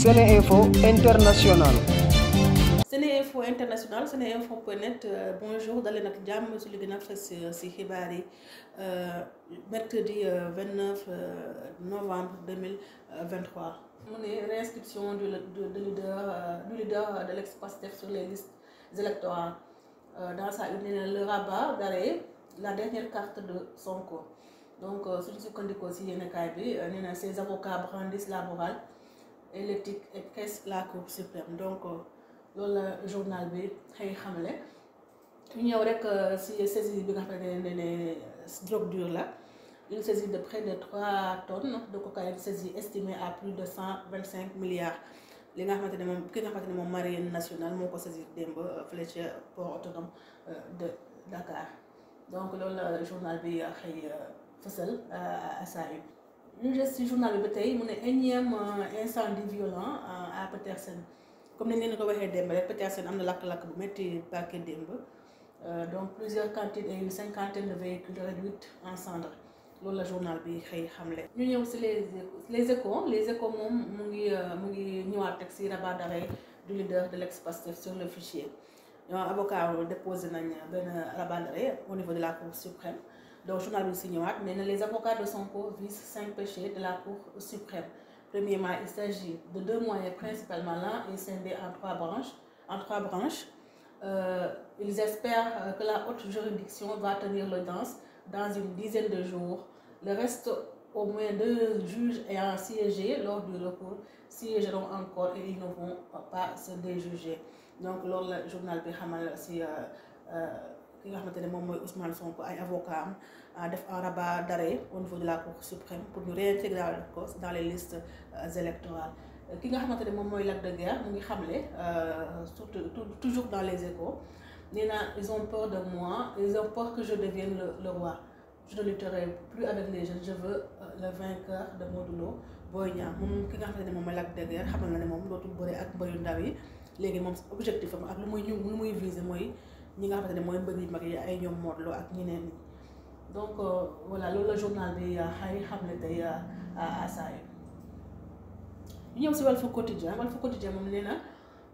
Seneinfo International Seneinfo International Seneinfo point net euh, bonjour dalee nag jàmm ci li gën a fës euh, ci xibaar yi euh, mercredi 29 novembre 2023 mu ne réinscription du du leader du leader de l'ex-Pastef sur les listes électorales dans sa une le rabat d'arrêt la dernière carte de Sonko donc suñu sukkandikoo ci yéenekaay bi nee na ses avocats brandissent la morale et l'éthique et quest la Cour suprême donc euh, loolu la journal bi xëy xamle ñu ñëw rek euh, si saisie bi nga xam ne ne euh, drogue dure la une saisie de près de trois tonnes de cocaïne saisie estimée à plus de cent vingt cinq milliards li nga xamante ne moom ki nga xamante ne moom marine national moo ko saisir démb fële ca port de Dakar donc loolu la journal bi xëy fësal à ñu des ci journal bi ba tey mu ne énième euh, incendie violent euh, à Petersen comme ni ngeen ko waxee démb rek Petersen am na lakk-lakk bu métti parquet démb euh, donc plusieurs cantines et une cinquantaine de véhicules réduits en cendre loolu la journal bi xëy xamle. ñu ñëw si les les échos les échos moom mu ngi mu ngi ñëwaat rek si rabat du leader de l'ex-Pastef sur le fichier ñoom avocat déposé nañ benn rabat d'arrêt au niveau de la cour suprême. donc journal bi si ñëwaat les avocats de Sonko visent cinq péchés de la cour suprême premièrement il s'agit de deux moyens principalement l'un est scindé en trois branches en trois branches euh, ils espèrent euh, que la haute juridiction va tenir l'audience dans une dizaine de jours le reste au moins deux juges ayant siégé lors du recours siégeront encore et ils ne vont pas se déjuger donc loolu la journal bi xamal si ki nga xamante ne moom mooy Ousmane Sonko ay avocat ah, def un rabat d'arrêt au niveau de la cour suprême pour ñu réintégrer ko dans les listes euh, électorales ki nga xamante ne moom mooy Lac de Guiers mu ngi xamle euh, surtout toujours dans les échos nee na de moi ils ont peur que je devienne le, le roi je ne lutterai plus avec les jeunes je euh, de Modou Lo Boy Niang moom ki nga xam ne ne moom mooy Lac de Guiers xamal na ne moom dootul bëre ak mbayu ndaw yi léegi moom objectif am ak lu muy ñu mooy ñi nga xamante ne mooy mbër yu mag yi ay ñoom Modou Lo ak ñeneen ñi donc euh, voilà loolu la journal bi euh, xëy xam ne tey a saa yi. ñëw si Walf Quotidien Walf Quotidien moom nee na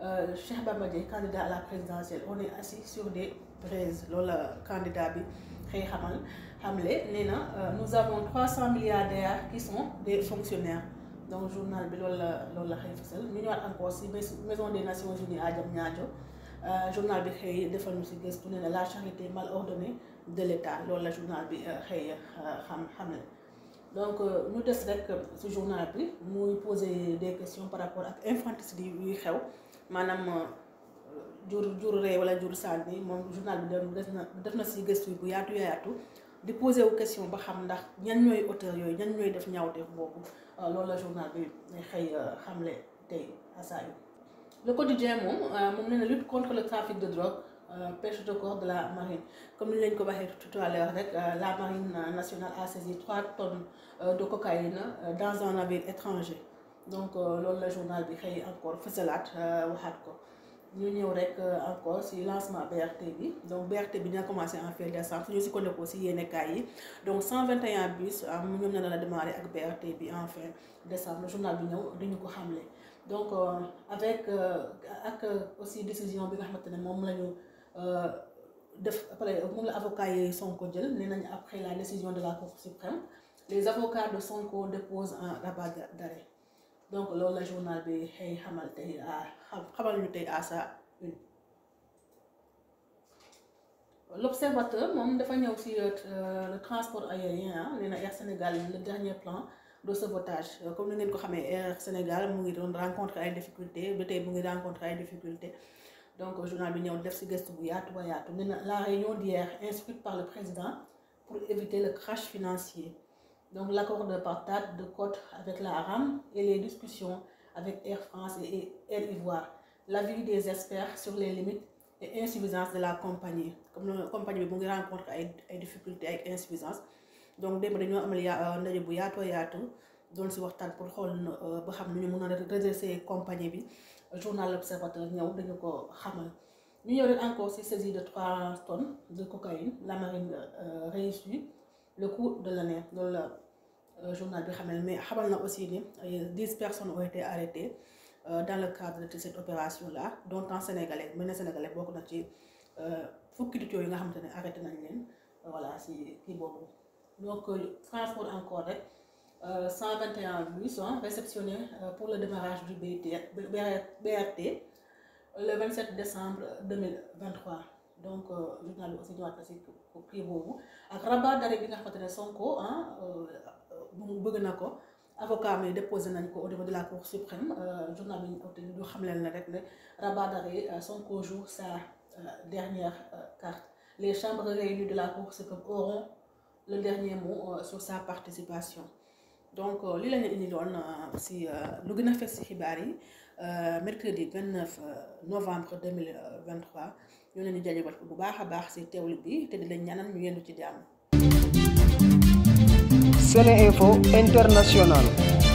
euh, Cheikh Bamba Dièye candidat à la présidentielle on est assis sur des braises loolu la candidat bi xëy xamal xamle nee na nous avons trois cent milliardaires qui sont des fonctionnaires. donc journal bi loolu la loolu la xëy fësal ñu ñëwaat encore si maison des Nations Unies à Diamniadio Euh, journal bi xëy defal ñu si gëstu ne la charité mal ordonnée de l'État loolu la journal bi euh, xëy euh, xam xam ne donc ñu des rek si journal bi muy poser de question par rapport ak infanticide yuy xew maanaam jur jur rey wala jur sànni moom journal bi def na def na si gëstu bu yaatu yaatu di poser wu question ba xam ndax ñan ñooy auteur yooyu ñan ñooy def ñaawteef boobu loolu la journal bi xëy xamle tey asaa yi le quotidien moom euh, moom nee na lutte contre le trafic de drogue euh, pêche de corps de la marine comme ni leen ko waxee tout à rek euh, la marine nationale a saisi trois tonnes de cocaïne dans un navire étranger donc loolu la journal bi xëy encore fësalaat waxaat ko ñu ñëw rek encore ci lancement BRT bi donc BRT bi dina commencé en fin décembre ñu si ko nekkoon ci yéenekaay yi donc 121 bus ñoom ñoo doon démarrer ak BRT bi en fin décembre journal bi ñëw du ñu ko xamle. donc euh, avec euh, ak euh, aussi décision bi nga xamante ne moom lañu def après moom la avocat yi Sonko jël nee nañu après la décision de la Cour suprême les avocats de Sonko déposent un rabat d'arrêt donc loolu la journal bi xëy xamal tey à xamal ñu tey à sa une l'observateur moom dafa ñëw si le transport aérien ah, nee na Air Sénégal le dernier plan de sabotage euh, comme ni ngeen ko xamee Air Sénégal mu ngi doon rencontre ay difficultés ba mu ngi rencontre ay difficultés donc journal bi ñëw def si gëstu bu yaatu ba yaatu nee la réunion d'hier instruite par le président pour éviter le crash financier donc l'accord de partage de cote avec la ARAM et les discussions avec Air France et Air Ivoire l'avis des experts sur les limites et insuffisances de la compagnie comme compagnie bi mu ngi rencontre ay ay difficultés ay insuffisances donc démb dañoo amal ya euh, bu yaatoo yaatu doon si waxtaan pour xool euh, ba xam nu ñu mën a redresser compagnie bi journal observateur ñëw dañu ko xamal ñu ñëw rek encore si saisie de trois tonnes de cocaïne la marine euh, réussit le coup de l'année loolu la journal bi xamal mais xamal na aussi ni dix personnes ont été arrêtées dans le cadre de cette opération là dont en sénégalais mën na sénégalais bokk na ci fukki di tuteurs yi nga xamante ne arrêté nañ leen voilà si kii boobu. donc euh, Francfort encore rek 121 euh, bus réceptionnés euh, pour le démarrage du BRT le mille décembre 2023 donc journal bi aussi ñëwaat na si kii boobu ak rabat bi nga xamante ne Sonko bu mu bëgg na ko avocat mi déposé nañ ko au niveau de la cour suprême journal bi ñu ñu xam leen ne rek ne rabat d'arrêt Sonko joue sa dernière carte les chambres réunies de la cour suprême auront le dernier mot euh, sur sa participation donc euh, li la ñu indi loon euh, si lu gën a fes si xibaar yi mercredi 29 novembre 2023 ñu leen di jaajëfal bu baax a baax si teewlu bi te di lañ ñaanal ñu yendu ci jàmm. Sene Info International